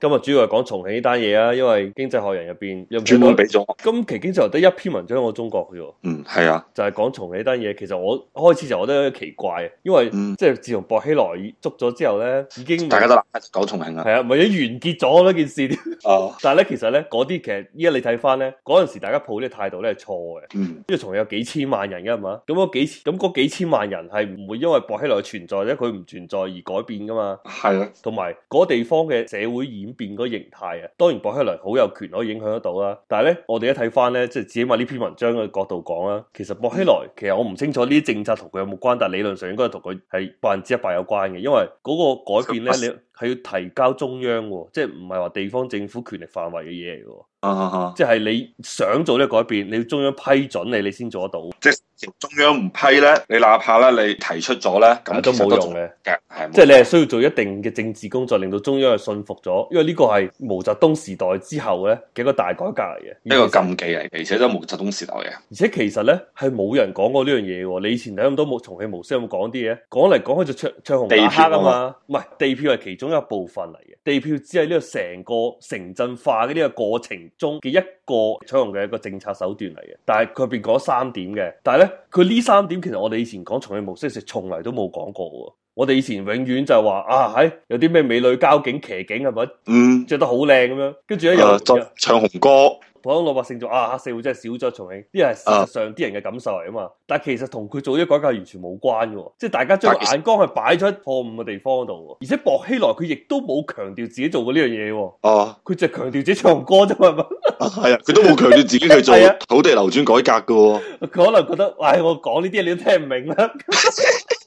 今日主要係講重慶呢單嘢啊，因為經濟學人入邊，全部俾咗。今期經濟學得一篇文章我中國嘅喎。嗯，係啊，就係講重慶呢單嘢。其實我開始就覺得有啲奇怪，啊，因為、嗯、即係自從薄熙來捉咗之後咧，已經大家都鬧緊搞重慶啊。係啊，咪已經完結咗呢件事。哦，但係咧，其實咧，嗰啲其實依家你睇翻咧，嗰陣時大家抱呢個態度咧係錯嘅。嗯，因為重慶有幾千萬人㗎嘛，咁嗰幾咁嗰幾千萬人係唔會因為薄熙來存在咧佢唔存在而改變㗎嘛。係啊的，同埋嗰地方嘅社會變個形態啊！當然薄熙來好有權可以影響得到啦，但係咧我哋一睇翻咧即係至起碼，呢篇文章嘅角度講啦，其實薄熙來其實我唔清楚呢啲政策同佢有冇關，但係理論上應該係同佢係百分之一百有關嘅，因為嗰個改變咧你係要提交中央，即係唔係話地方政府權力範圍嘅嘢嚟嘅。啊、uh huh. 即係你想做呢個改變，你要中央批准你，你先做得到。即係中央唔批咧，你哪怕咧，你提出咗咧，咁都冇用嘅。係即係你係需要做一定嘅政治工作，令到中央係信服咗。因為呢個係毛澤東時代之後咧幾個大改革嚟嘅，呢個禁忌嚟嘅，而且都係毛澤東時代嘅。而且其實咧係冇人講過呢樣嘢嘅。你以前睇咁多重慶模式有冇講啲嘢？講嚟講去就唱唱紅地票啊嘛，唔係地票係其中一個部分嚟嘅。地票只係呢個成個城鎮化嘅呢個過程。中嘅一個採用嘅一個政策手段嚟嘅，但係佢入邊講咗三點嘅，但係咧佢呢三點其實我哋以前講重慶模式，其實從嚟都冇講過喎。我哋以前永遠就係話啊，喺、哎、有啲咩美女交警騎警係咪？是是嗯，著得好靚咁樣，跟住咧又唱，唱紅歌。普通老百姓做啊，黑社會真係少咗重慶，呢個係事實上啲人嘅感受嚟啊嘛，但係其實同佢做呢啲改革完全冇關嘅，即係大家將眼光係擺咗喺錯誤嘅地方度，而且薄熙來佢亦都冇強調自己做過呢樣嘢喎，佢就係強調自己唱歌啫嘛，係啊，佢都冇強調自己去做土地流轉改革嘅喎， 佢可能覺得唉、哎，我講呢啲你都聽唔明啦。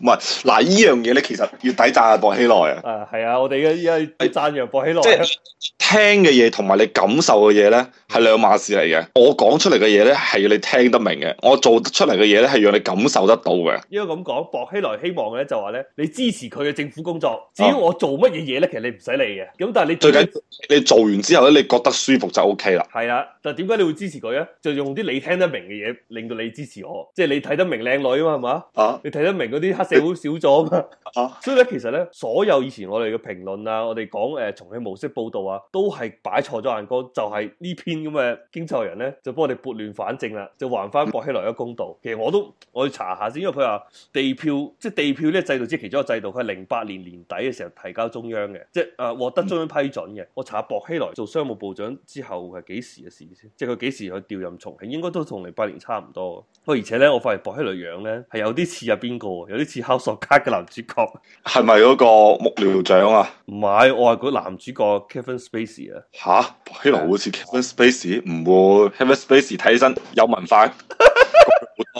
唔係嗱，依樣嘢咧，其實要抵讚阿薄熙來啊！啊，係啊，我哋嘅依家依家讚揚薄熙來。即係、啊就是、聽嘅嘢同埋你感受嘅嘢咧，係兩碼事嚟嘅。我講出嚟嘅嘢咧，係要你聽得明嘅；我做出嚟嘅嘢咧，係讓你感受得到嘅。應該咁講，薄熙來希望咧就話咧，你支持佢嘅政府工作。至於我做乜嘢嘢咧，其實你唔使理嘅。咁但係你最緊，你做完之後咧，你覺得舒服就 O K 啦。係啦、啊，但係點解你會支持佢啊？就用啲你聽得明嘅嘢，令到你支持我。即、就、係、是、你睇得明靚女啊嘛，係嘛？啊！你睇得明嗰啲社會少咗啊嘛，啊所以咧其實咧，所有以前我哋嘅評論啊，我哋講誒重慶模式報導啊，都係擺錯咗眼光，就係、是、呢篇咁嘅經濟人咧，就幫我哋撥亂反正啦，就還翻薄熙來嘅公道。其實我都我要查下先，因為佢話地票即係地票呢個制度，即係其中一個制度，佢係零八年年底嘅時候提交中央嘅，即係誒、呃、獲得中央批准嘅。我查下薄熙來做商務部長之後係幾時嘅事先，即係佢幾時去調任重慶，應該都同零八年差唔多。不而且咧，我發現薄熙來樣咧係有啲似入邊個，有啲考索卡嘅男主角係咪嗰個木料匠啊？唔係，我係嗰個男主角 Kevin Spacey 啊。吓，希羅好似 Kevin Spacey？唔會，Kevin Spacey 睇起身有文化。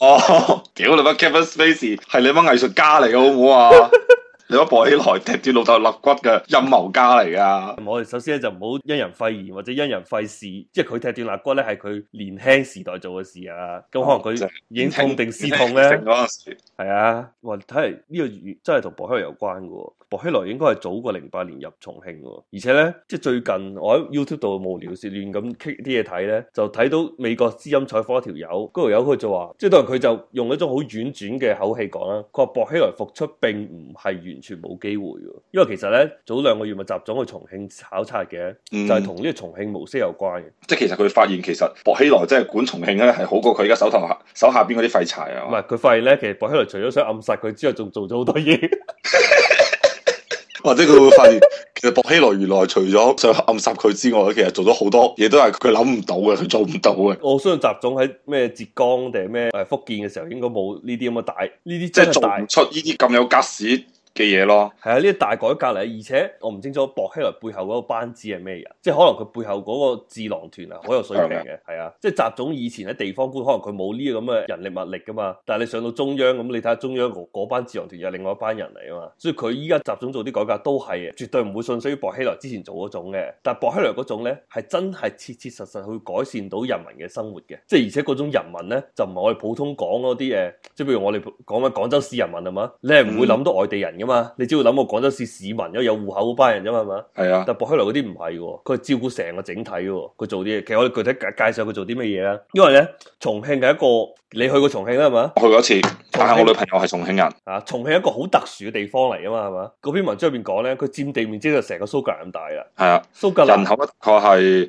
哦，屌你班！Kevin Spacey 係你班藝術家嚟嘅，好唔好啊？如果薄熙來，踢斷老豆肋骨嘅陰謀家嚟噶。我哋首先咧就唔好因人廢言或者因人廢事，即係佢踢斷肋骨咧係佢年輕時代做嘅事啊。咁 可能佢已經痛定思痛咧，係啊，我睇嚟呢個真係同薄熙來有關噶。薄熙來應該係早過零八年入重慶嘅，而且咧即係最近我喺 YouTube 度無聊事亂咁傾啲嘢睇咧，就睇到美國之音採訪一條友，嗰條友佢就話，即係當然佢就用一種好婉轉嘅口氣講啦，佢話薄熙來復出並唔係完全冇機會，因為其實咧早兩個月咪習總去重慶考察嘅，就係同呢個重慶模式有關嘅，嗯。即係其實佢發現其實薄熙來即係管重慶咧係好過佢而家手頭下手下邊嗰啲廢柴啊，唔係佢發現咧，其實薄熙來除咗想暗殺佢之外，仲做咗好多嘢。 或者佢會發現，其實薄熙來原來除咗想暗殺佢之外，其實做咗好多嘢都係佢諗唔到嘅，佢做唔到嘅。我相信習總喺咩浙江定係咩誒福建嘅時候，應該冇呢啲咁嘅大呢啲，即係做唔出呢啲咁有格閡嘅嘢咯，係啊，呢啲大改革嚟，而且我唔清楚薄熙來背後嗰個班子係咩人，即係可能佢背後嗰個智囊團啊好有水平嘅。係啊，即係習總以前喺地方官，可能佢冇呢啲咁嘅人力物力噶嘛，但係你上到中央咁，你睇下中央嗰班智囊團又另外一班人嚟啊嘛，所以佢依家習總做啲改革都係絕對唔會信。所於薄熙來之前做嗰種嘅，但係薄熙來嗰種咧係真係切切實實去改善到人民嘅生活嘅，即係而且嗰種人民咧就唔係我哋普通講嗰啲誒，即係譬如我哋講緊廣州市人民啊嘛，你係唔會諗到外地人。嗯噶嘛？你只會諗我廣州市市民，因為有戶口嗰班人啫嘛，係嘛？係啊，但薄熙來嗰啲唔係喎，佢係照顧成個整體喎，佢做啲嘢，其實我哋具體介介紹佢做啲咩嘢咧？因為咧，重慶係一個你去過重慶啦，係嘛？我去過一次，但係我女朋友係重慶人啊。重慶係一個好特殊嘅地方嚟啊嘛，係嘛？嗰篇文章入邊講咧，佢佔地面積就成個蘇格蘭咁大啦。係啊，蘇格蘭人口的確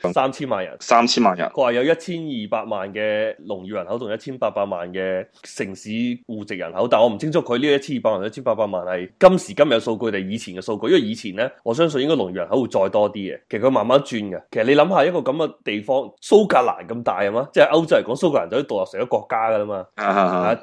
係三千萬人，三千萬人佢話有一千二百萬嘅農業人口同一千八百萬嘅城市戶籍人口，但我唔清楚佢呢一千二百萬一千八百萬係。今時今日嘅數據定以前嘅數據，因為以前咧，我相信應該農業人口會再多啲嘅。其實佢慢慢轉嘅。其實你諗下一個咁嘅地方，蘇格蘭咁大啊嘛，即係歐洲嚟講，蘇格蘭就獨立成咗國家噶啦嘛，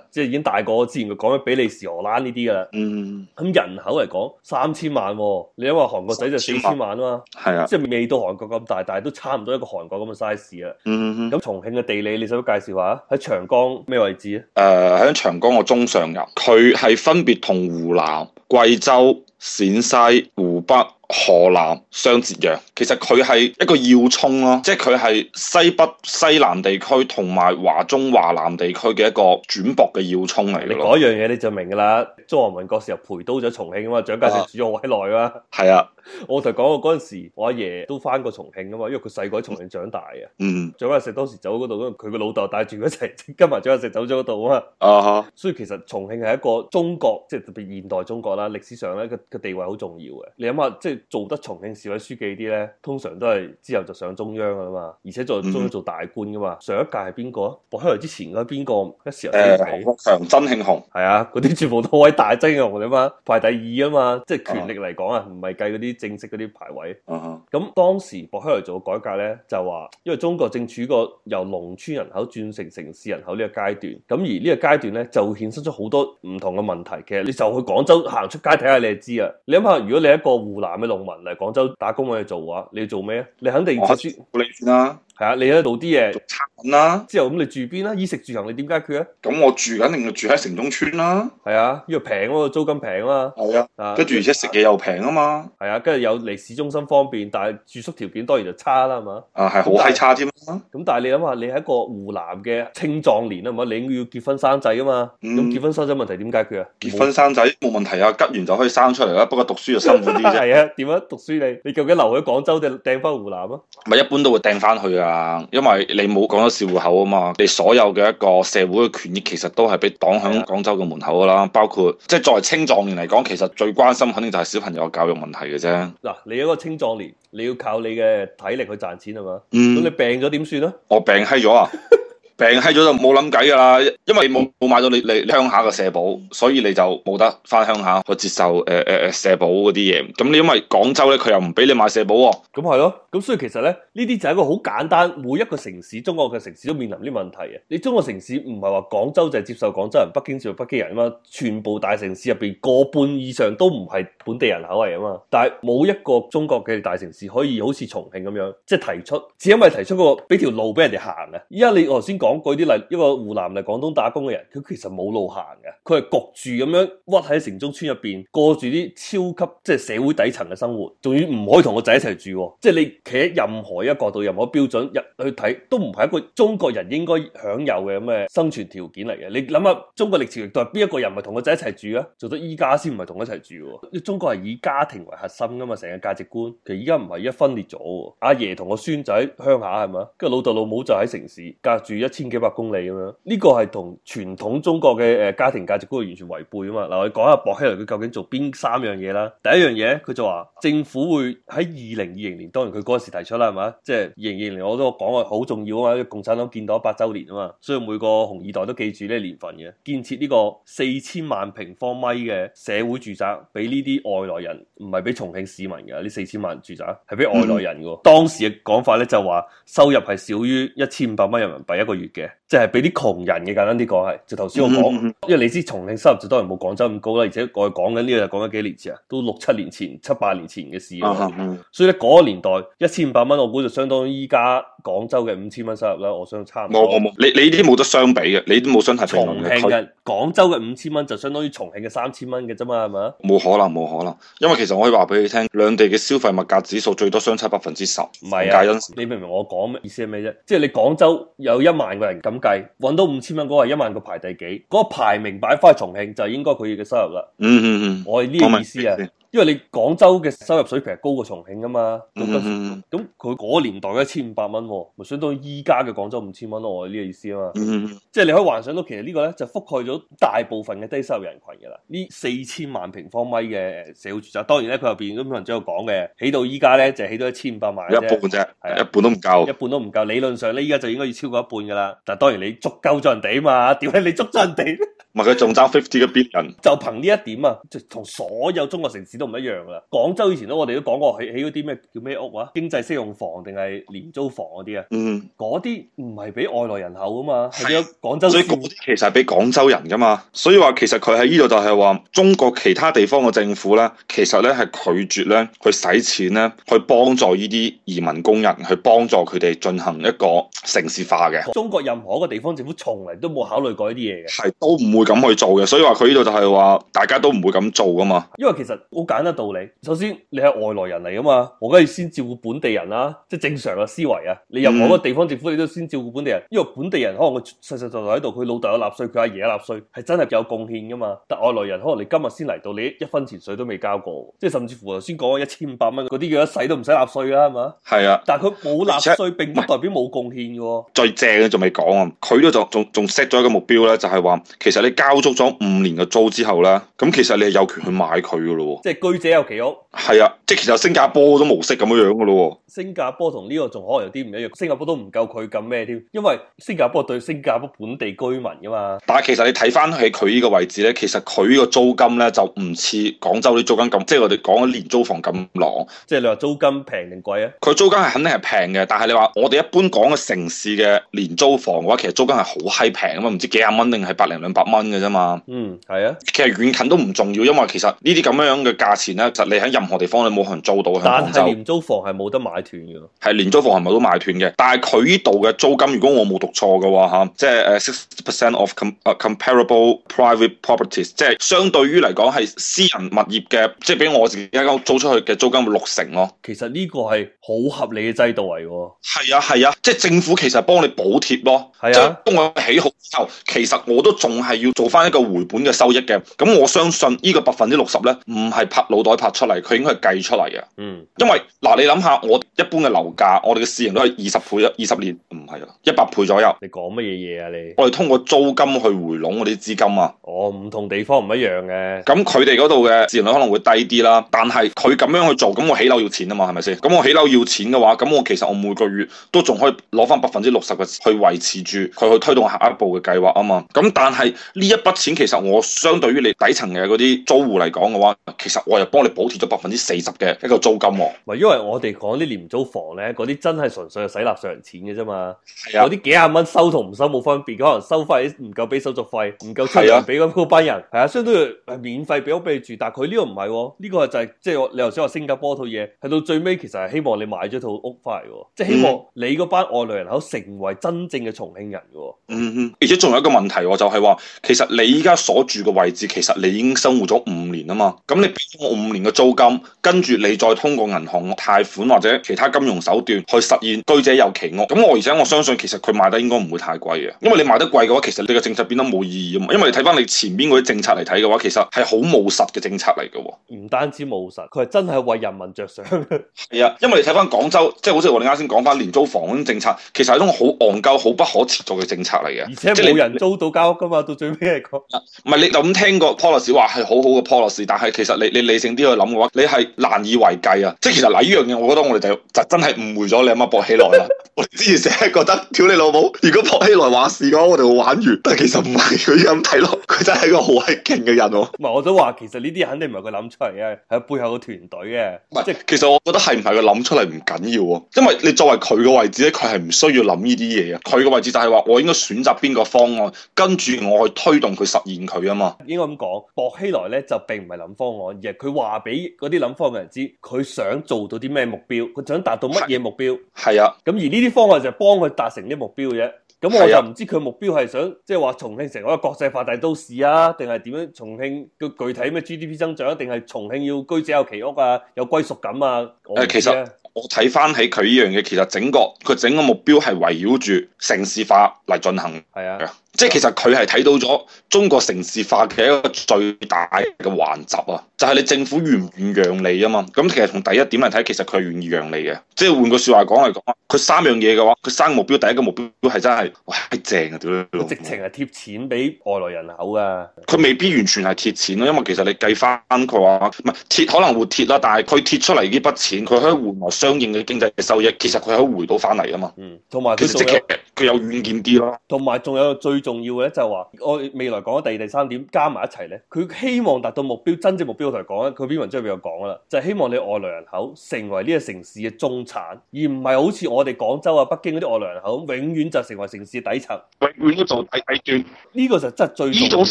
即係已經大過我之前佢講嘅比利時、荷蘭呢啲噶啦。嗯。咁人口嚟講，三千萬、啊，你因為韓國仔就四千萬啊嘛，係啊，即係未到韓國咁大，但係都差唔多一個韓國咁嘅 size 啊。嗯咁、嗯、重慶嘅地理你想唔想唔介紹下喺長江咩位置咧？誒、呃，喺長江嘅中上游，佢係分別同湖南。貴州、陝西、湖北，河南、湘、浙、粵，其實佢係一個要衝咯，啊，即係佢係西北、西南地區同埋華中、華南地區嘅一個轉駁嘅要衝嚟嘅。你講一樣嘢你就明噶啦，中華民國時候陪都喺重慶啊嘛，蔣介石住咗好耐啊。係啊，uh，huh. 我同你講過嗰時，我阿爺，爺都翻過重慶啊嘛，因為佢細個喺重慶長大嘅。嗯，uh，huh. 蔣介石當時走嗰度，佢個老豆帶住佢一齊跟埋蔣介石走咗嗰度啊嘛。啊，uh，huh. 所以其實重慶係一個中國，即係特別現代中國啦，歷史上咧佢嘅地位好重要嘅。你諗下，即做得重慶市委書記啲咧，通常都係之後就上中央㗎啦嘛，而且做中咗、嗯、哼做大官㗎嘛。上一屆係邊個啊？薄熙來之前嗰邊個嗰時候？誒、嗯哼，王國強、曾慶紅，係啊，嗰啲全部都位大金融啊嘛，排第二啊嘛，即係權力嚟講啊，唔係計嗰啲正式嗰啲排位。咁、嗯、哼當時薄熙來做改革咧，就話因為中國正處個由農村人口轉成城市人口呢個階段，咁而呢個階段咧就會衍生出好多唔同嘅問題。其實你就去廣州行出街睇下，你就知啊。你諗下，如果你一個湖南農民嚟廣州打工我去做嘅話，你要做咩啊？你肯定我先你先啦、啊。係啊，你喺度啲嘢做產品、啊、啦。之後咁你住邊啦？衣食住行你點解決啊？咁我住肯定就住喺城中村啦、啊。係啊，因為平啊，租金平啊嘛。係啊，跟住、啊啊、而且食嘢又平啊嘛。係啊，跟住、啊、又嚟市中心方便，但係住宿條件當然就差啦，係嘛？啊，係好係差添。咁但係你諗下，你係一個湖南嘅青壯年啊嘛，你要結婚生仔啊嘛。咁、嗯、結婚生仔問題點解決啊？結婚生仔冇問題啊，急完就可以生出嚟啦。不過讀書就辛苦啲啫。 點樣讀書你？你你究竟留喺廣州定掟翻湖南啊？咪一般都會掟翻去啊，因為你冇廣州市戶口啊嘛，你所有嘅一個社會嘅權益其實都係被擋喺廣州嘅門口噶啦。包括即係作為青壯年嚟講，其實最關心肯定就係小朋友嘅教育問題嘅啫。嗱，你一個青壯年，你要靠你嘅體力去賺錢係嘛？咁、嗯、你病咗點算啊？我病嗨咗啊！ 病嗨咗就冇諗計噶啦。因為冇冇買到你你鄉下嘅社保，所以你就冇得翻鄉下去接受誒誒誒社保嗰啲嘢。咁你因為廣州咧，佢又唔俾你買社保喎、哦。咁係咯，咁、嗯、所以其實咧呢啲就係一個好簡單，每一個城市中國嘅城市都面臨啲問題嘅。你中國城市唔係話廣州就係、接受廣州人，北京就北京人啊嘛。全部大城市入邊，個半以上都唔係本地人口嚟啊嘛。但係冇一個中國嘅大城市可以好似重慶咁樣，即係提出，只出、那個、因為提出個俾條路俾人哋行啊。依家你頭先講過啲例，一個湖南嚟廣東。打工嘅人，佢其實冇路行嘅，佢係焗住咁樣屈喺城中村入邊過住啲超級即係社會底層嘅生活，仲要唔可以同個仔一齊住、哦。即係你企喺任何一個角度、任何標準入去睇，都唔係一個中國人應該享有嘅咁嘅生存條件嚟嘅。你諗下、哦，中國歷朝歷代邊一個人唔係同個仔一齊住啊？做到依家先唔係同一齊住。中國係以家庭為核心噶嘛，成個價值觀。其實依家唔係一分裂咗、啊，阿爺同個孫仔鄉下係嘛，跟住老豆老母就喺城市，隔住一千幾百公里咁樣。呢、呢個係同，傳統中國嘅、誒、呃、家庭價值觀完全違背啊嘛！嗱、呃，我哋講下薄熙來佢究竟做邊三樣嘢啦。第一樣嘢，佢就話政府會喺二零二零年，當然佢嗰時提出啦，係嘛？即係二零二零年，我都講過，好重要啊嘛！共產黨建黨一百周年啊嘛，所以每個紅二代都記住呢個年份嘅，建設呢個四千萬平方米嘅社會住宅，俾呢啲外來人，唔係俾重慶市民嘅，呢四千萬住宅係俾外來人噶。嗯、當時嘅講法咧就話收入係少於一千五百蚊人民幣一個月嘅，即係俾啲窮人嘅呢個係就頭先我講， 因為你知重慶收入就當然冇廣州咁高啦，而且我講緊呢個又講咗幾年前啊，都六七年前、七八年前嘅事啦。 所以咧嗰、那個年代一千五百蚊，1, 我估就相當於依家。廣州嘅五千蚊收入咧，我想差唔多。冇冇冇，你你呢啲冇得相比嘅，你都冇想係。重慶嘅，廣州嘅五千蚊就相當於重慶嘅三千蚊嘅啫嘛，係咪？冇可能冇可能，因為其實我可以話俾你聽，兩地嘅消費物價指數最多相差百分之十，唔係 啊？釋你明唔明我講咩意思係咩啫？即係你廣州有一萬個人咁計，搵到五千蚊嗰個係一萬個排第幾？嗰個排名擺翻去重慶就係應該佢嘅收入啦。嗯嗯嗯，我係呢個意思啊。因為你廣州嘅收入水平係高過重慶啊嘛，咁佢嗰年代一千五百蚊，咪相當於依家嘅廣州五千蚊咯，我、這、呢個意思啊嘛，mm hmm. 即係你可以幻想到，其實個呢個咧就覆蓋咗大部分嘅低收入人群嘅啦，呢四千萬平方米嘅社會住宅，當然咧佢入邊咁多人喺度講嘅，起到依家咧就是、起到一千五百萬，一半啫，係一半都唔夠，一半都唔夠，理論上咧依家就應該要超過一半噶啦，但係當然你捉咗人哋嘛，點解你捉咗人哋咧？ 唔係佢仲爭 fifty 嘅 bit 人，就憑呢一點啊，就同所有中國城市都唔一樣噶啦。廣州以前咧，我哋都講過，起起嗰啲咩叫咩屋啊？經濟適用房定係廉租房嗰啲啊？嗯，嗰啲唔係俾外來人口噶嘛，係俾廣州。所以嗰啲其實係俾廣州人噶嘛。所以話其實佢喺呢度就係話，中國其他地方嘅政府咧，其實咧係拒絕咧去使錢咧去幫助呢啲移民工人去幫助佢哋進行一個城市化嘅。中國任何一個地方政府從嚟都冇考慮過呢啲嘢嘅，係都唔會。咁去做嘅，所以話佢呢度就係話，大家都唔會咁做噶嘛。因為其實好簡單道理，首先你係外來人嚟噶嘛，我梗係先照顧本地人啦、啊，即係正常嘅思維啊。你任何一個地方政府，你都先照顧本地人，因為本地人可能佢實實在在喺度，佢老豆有納稅，佢阿爺有納稅，係真係有貢獻噶嘛。但外來人可能你今日先嚟到，你一分錢稅都未交過，即係甚至乎頭先講一千五百蚊嗰啲叫一世都唔使納稅噶係嘛？係啊，但係佢冇納稅，實並唔代表冇貢獻噶。最正嘅仲未講啊，佢都仲仲仲 set 咗一個目標咧，就係、是、話其實你。交足咗五年嘅租之後咧，咁其實你係有權去買佢噶咯。即係居者有其屋。係啊，即係其實新加坡都模式咁樣樣噶咯。新加坡同呢個仲可能有啲唔一樣，新加坡都唔夠佢咁咩添，因為新加坡對新加坡本地居民噶嘛。但係其實你睇翻喺佢呢個位置咧，其實佢呢個租金咧就唔似廣州啲租金咁，即係我哋講緊廉租房咁狼，即係你話租金平定貴啊？佢租金係肯定係平嘅，但係你話我哋一般講嘅城市嘅廉租房嘅話，其實租金係好閪平啊，唔知幾廿蚊定係百零兩百蚊。嘅啫嘛，嗯，係啊，其實遠近都唔重要，因為其實呢啲咁樣樣嘅價錢咧，就你喺任何地方你冇可能租到，廣州但係廉租房係冇得買斷嘅，係廉租房係咪都買斷嘅？但係佢呢度嘅租金，如果我冇讀錯嘅話吓，即係誒 six percent of comparable private properties，即係相對於嚟講係私人物業嘅，即係俾我自己一間屋租出去嘅租金六成咯。其實呢個係好合理嘅制度嚟，係啊係啊，即係、啊啊就是、政府其實幫你補貼咯，係啊，當我起好之後，其實我都仲係要。要做翻一個回本嘅收益嘅，咁我相信呢個百分之六十呢，唔係拍腦袋拍出嚟，佢應該係計出嚟嘅。嗯，因為嗱，你諗下，我一般嘅樓價，我哋嘅市盈都係二十倍，二十年唔係啊，一百倍左右。你講乜嘢嘢啊你？我哋通過租金去回籠我啲資金啊。哦，唔同地方唔一樣嘅。咁佢哋嗰度嘅市盈率可能會低啲啦，啊，但係佢咁樣去做，咁我起樓要錢啊嘛，係咪先？咁我起樓要錢嘅話，咁我其實我每個月都仲可以攞翻百分之六十嘅去維持住佢去推動下一步嘅計劃啊嘛。咁但係，呢一筆錢其實我相對於你底層嘅嗰啲租戶嚟講嘅話，其實我又幫你補貼咗百分之四十嘅一個租金喎。因為我哋講啲廉租房咧，嗰啲真係純粹係洗垃圾錢嘅啫嘛。係啊，嗰啲幾廿蚊收同唔收冇分別，可能收費唔夠俾手續費，唔夠出糧俾嗰班人。係啊，相對係免費俾屋俾你住，但係佢呢個唔係喎，呢個就係，即係你頭先話新加坡套嘢，去到最尾其實係希望你買咗套屋翻嚟嘅，即係希望你嗰班外來人口成為真正嘅重慶人嘅。嗯，而且仲有一個問題喎，就係話。其實你依家所住嘅位置，其實你已經生活咗五年啊嘛。咁你俾我五年嘅租金，跟住你再通過銀行貸款或者其他金融手段去實現居者有其屋。咁我而且我相信其實佢賣得應該唔會太貴嘅，因為你賣得貴嘅話，其實你嘅政策變得冇意義啊嘛。因為你睇翻你前邊嗰啲政策嚟睇嘅話，其實係好務實嘅政策嚟嘅。唔單止務實，佢係真係為人民着想。係 啊，因為你睇翻廣州，即係好似我哋啱先講翻廉租房嗰啲政策，其實係一種好戇鳩、好不可持續嘅政策嚟嘅。而且冇人租到交屋㗎嘛，到最唔係、啊、你就咁聽過 policy 話係好好嘅 policy，但係其實你你理性啲去諗嘅話，你係難以為繼啊！即係其實嗱呢樣嘢，我覺得我哋就就真係誤會咗你阿媽薄熙來啦！ 我之前成日覺得屌你老母，如果薄熙來話事嘅話，我哋會玩完。但係其實唔係佢咁睇落，佢真係一個好係勁嘅人哦。唔、啊、係， 我都話其實呢啲肯定唔係佢諗出嚟，嘅係背後嘅團隊嘅。唔係即，即其實我覺得係唔係佢諗出嚟唔緊要喎、啊，因為你作為佢嘅位置咧，佢係唔需要諗呢啲嘢嘅。佢嘅位置就係話我應該選擇邊個方案，跟住我推動佢實現佢啊嘛，應該咁講，薄熙來咧就並唔係諗方案，而係佢話俾嗰啲諗方案嘅人知，佢想做到啲咩目標，佢想達到乜嘢目標？係啊的，咁而呢啲方案就係幫佢達成啲目標嘅啫。咁我就唔知佢目標係想即係話重慶成為一個國際化大都市啊，定係點樣？重慶嘅具體咩 GDP 增長啊，定係重慶要居者有其屋啊，有歸屬感啊？誒，其實我睇翻起佢呢樣嘢，其實整個佢整個目標係圍繞住城市化嚟進行。係啊的。即係其實佢係睇到咗中國城市化嘅一個最大嘅環節啊，就係、是、你政府願唔願讓利啊嘛。咁其實從第一點嚟睇，其實佢係願意讓利嘅。即係換句説話講嚟講，佢三樣嘢嘅話，佢三個目標，第一個目標都係真係哇真正啊屌！直情係貼錢俾外來人口啊。」佢未必完全係貼錢咯，因為其實你計翻佢話唔係貼可能會貼啦，但係佢貼出嚟呢筆錢，佢可以換來相應嘅經濟嘅收益，其實佢可以回到翻嚟啊嘛。同埋佢有遠見啲咯。同埋仲有最重要咧，就話，我未來講咗第二第三點加埋一齊咧，佢希望達到目標，真正目標同你講咧，佢篇文章入邊有講噶啦，就係希望你外來人口成為呢個城市嘅中產，而唔係好似我哋廣州啊、北京嗰啲外來人口永遠就成為城市嘅底層，永遠都做底底端。呢個就真係最呢種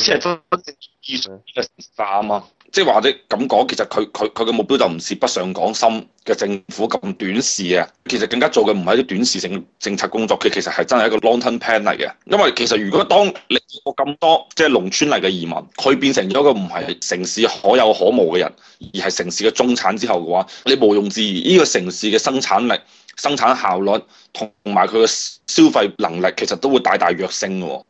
以上三啊，嗯、即係話你咁講，其實佢佢佢嘅目標就唔係北上廣深嘅政府咁短視啊。其實更加做嘅唔係啲短視性政策工作，佢其實係真係一個 long-term plan 嚟嘅。因為其實如果當你我咁多即係農村嚟嘅移民，佢變成咗一個唔係城市可有可無嘅人，而係城市嘅中產之後嘅話，你毋庸置疑呢個城市嘅生產力、生產效率同埋佢嘅消費能力，其實都會大大躍升喎、哦。